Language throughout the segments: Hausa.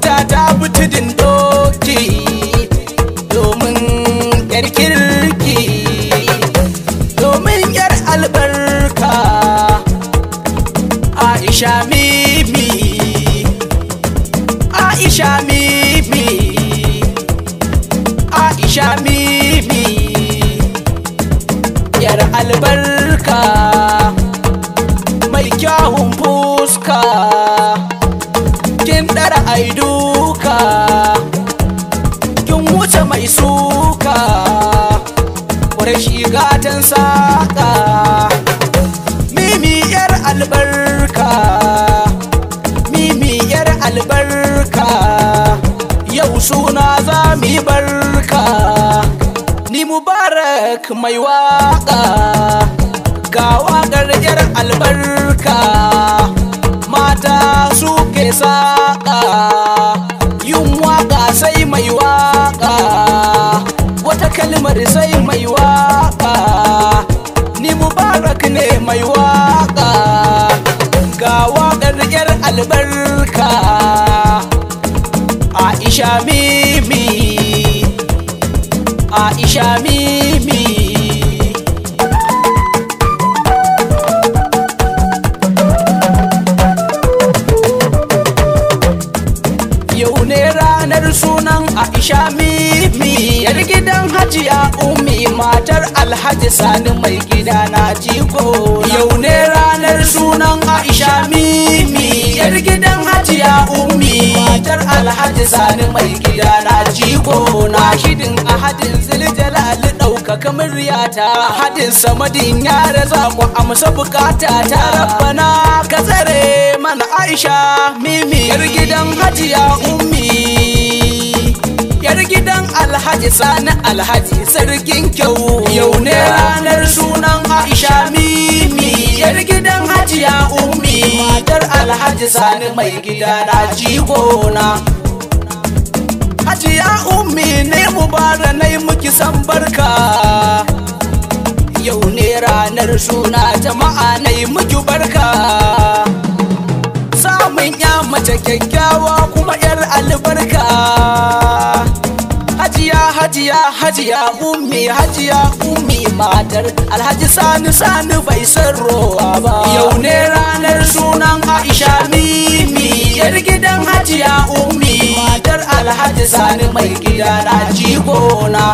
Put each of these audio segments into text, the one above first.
da ta Sheik mai waka ga wakar albarka mata suke saƙa. ya ummi matar alhaji sani mai gida na jiko na hidin ahadin kamar ɗaukaka muryata hadin samadin yare za ku amsa bukata ta rabbana ka tsare mana aisha mimi yar gidan haji ya ummi yar gidan alhaji sani alhaji sarkin kyau yau ne ranar sunan aisha mimi matar alhaji sani mai gida na jigona hajiya ummi ne mubara na yi muki san barka yau ne ranar suna jama'a na yi muki barka samun ya mace kyakkyawa kuma yar albarka hajiya hajiya ummi hajiya ummi matar alhaji sani sani bai san rowa ba yau ne ranar sunan aisha mimi yar gidan hajiya ummi matar alhaji sani mai gida na jigona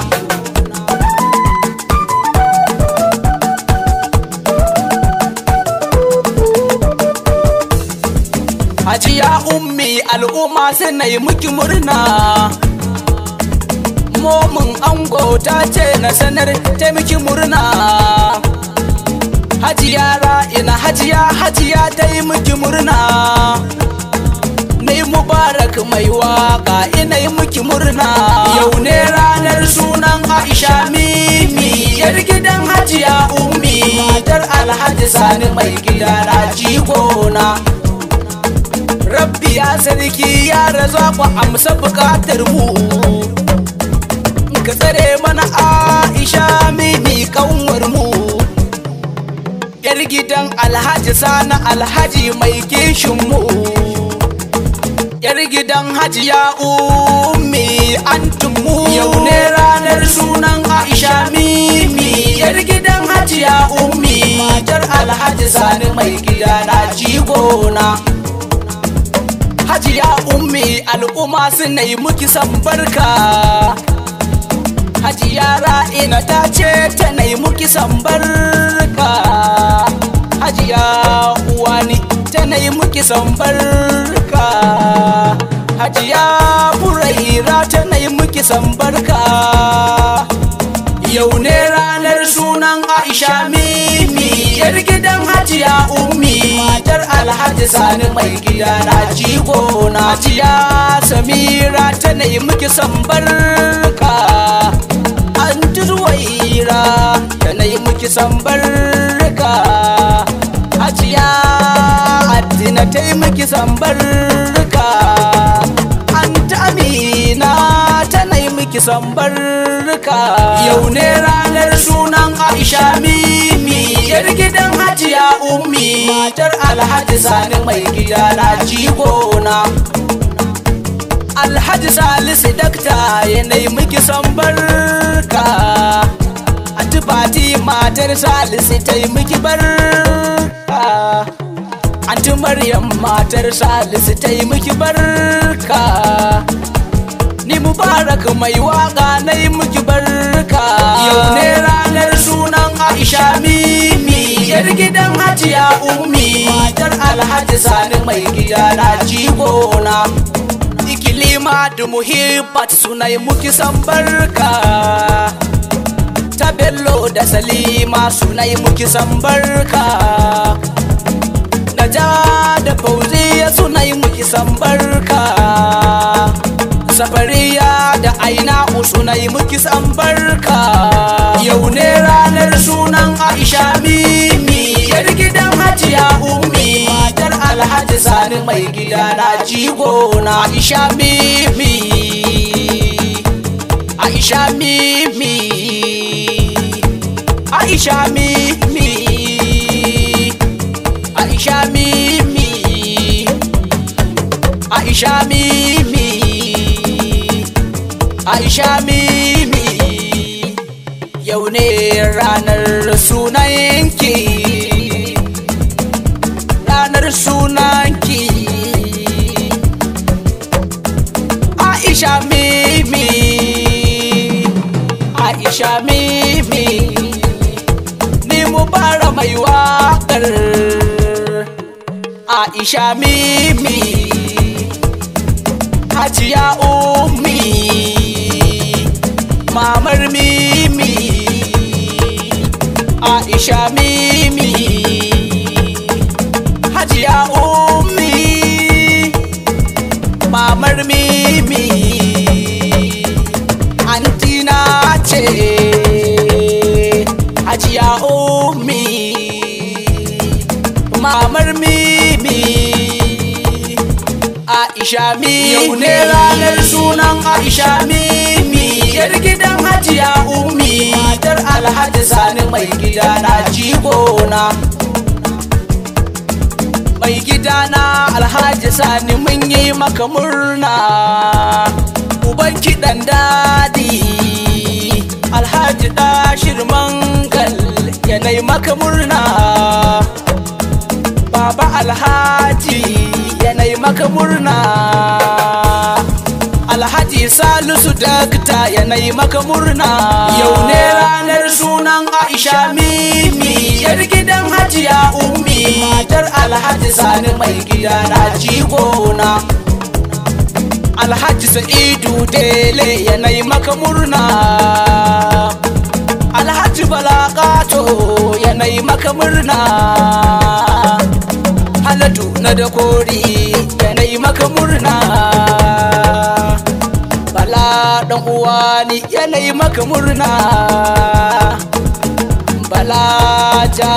Hajiya ummi al'umma sai na yi muki murna samo min ango ta ce na sanar taimaki murna hajiya ra'ina hajiya hajiya ta yi miki murna nai mubarak mai waka ina yi miki murna yau ne ranar sunan aisha mimi yar gidan hajiya ummi matar alhaji sani mai gida raji gona rabbi ya sarki ya raza ku amsa bukatar mu gidan alhaji sani alhaji mai kishinmu yar gidan hajiya ummi antummu yau ne ranar sunan aisha mimi yar gidan hajiya ummi jar alhaji sani mai gida na jigona hajiya ummi al'umma su yi muki san barka hajiya ra'ina ta ce ta naimu kisan muki san barka hajiya uwani ta na yi muki sambarka hajiya furaira ta na yi muki sambarka yau ne ranar sunan aisha mimi yar gidan hajiya ummi matar alhaji sani mai gida na jigo na jiya samira ta na yi muki sambarka an tuzuwa ira ta na yi muki sambarka ya addina taimaki sambar ka an ta amina tana sambar ka yau ne ranar sunan aisha mimi yar gidan hajiya ummi matar alhaji sani mai gida na jigona alhaji salisu dakta ya miki sambar ka su fati matar salisu miki bar ah, anti maryam matar salisu miki barka ni mubarak mai waka na yi miki barka yau ne ranar sunan aisha mimi yar gidan hajiya umi matar alhaji sani mai gida na jigona ikilima da muhibbat sunai yi muki san barka ta bello da salima suna yi muki sambarka, naja da fauziya suna yi muki sambarka, barka safariya da aina suna yi muki sambarka. barka yau ne ranar sunan aisha mimi yar gidan hajiya ummi matar alhaji sani mai gida na jigo na aisha mimi Aisha Mimi Hajiya Ummi Mamar Mimi Aisha Mimi shami ne ranar sunan Aisha mimi yar gidan Hajiya Ummi matar Alhaji Sani mai gida na jikona mai gida na Alhaji Sani mun yi maka murna uban kiɗan daɗi Alhaji Dashir Mangal yanayi maka murna Baba Alhaji yanayi maka murna alhaji salisu dakta yanayi maka murna yau ne ranar sunan aisha mimi yar gidan hajiya ummi matar alhaji sani mai gida na jigona alhaji sa'idu dele yanayi maka murna alhaji balakato yanayi maka murna yanayi maka murna balaja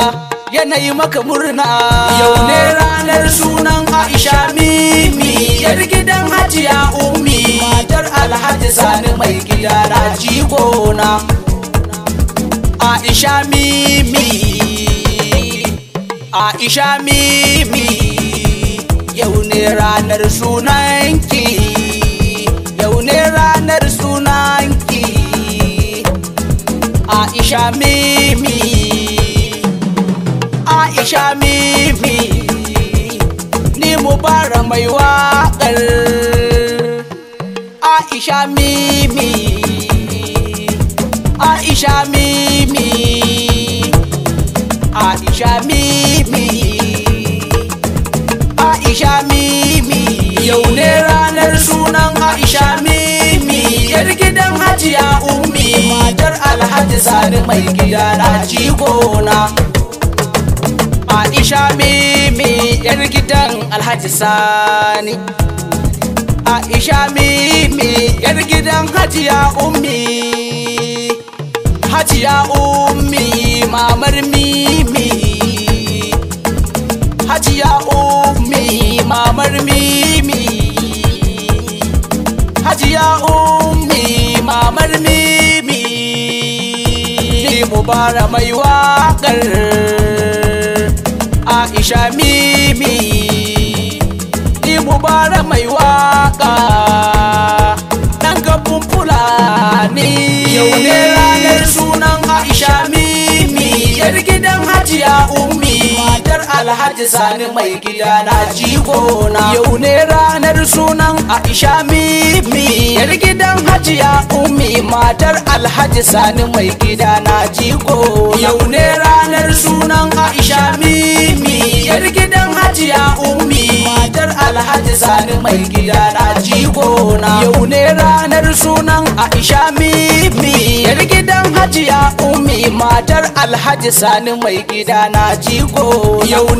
yanayi maka murna yau ne ranar sunan aisha mimi yar gidan hajiya ummi matar alhaji sani mai gida na jigona aisha mimi aisha mimi yau ne ranar sunan sunanki Aisha Mimi Aisha Mimi Ni mubara mai waƙar Aisha Mimi Aisha Mimi Aisha Mimi Aisha Mimi Yau ne ranar sunan Aisha Mimi Yar gidan Hajiya Umu Majar alhaji sani mai gida na cikona aisha mimi yar gidan alhaji sani aisha mimi yar gidan hajiya ummi hajiya ummi mamar mimi hajiya ummi mamar mimi hajiya ummi mamar mimi mu bara mai waƙar aisha mimi ni bara mai waƙar alhaji sani mai gida na jigo na yau ne ranar sunan aisha mimi yar gidan hajiya umi. matar alhaji sani mai gida na jigo yau ne ranar sunan aisha mimi yar gidan hajiya ummi matar alhaji sani mai gida na jigona yau ne ranar sunan aisha mimi yar gidan hajiya ummi matar alhaji sani mai gida na jigona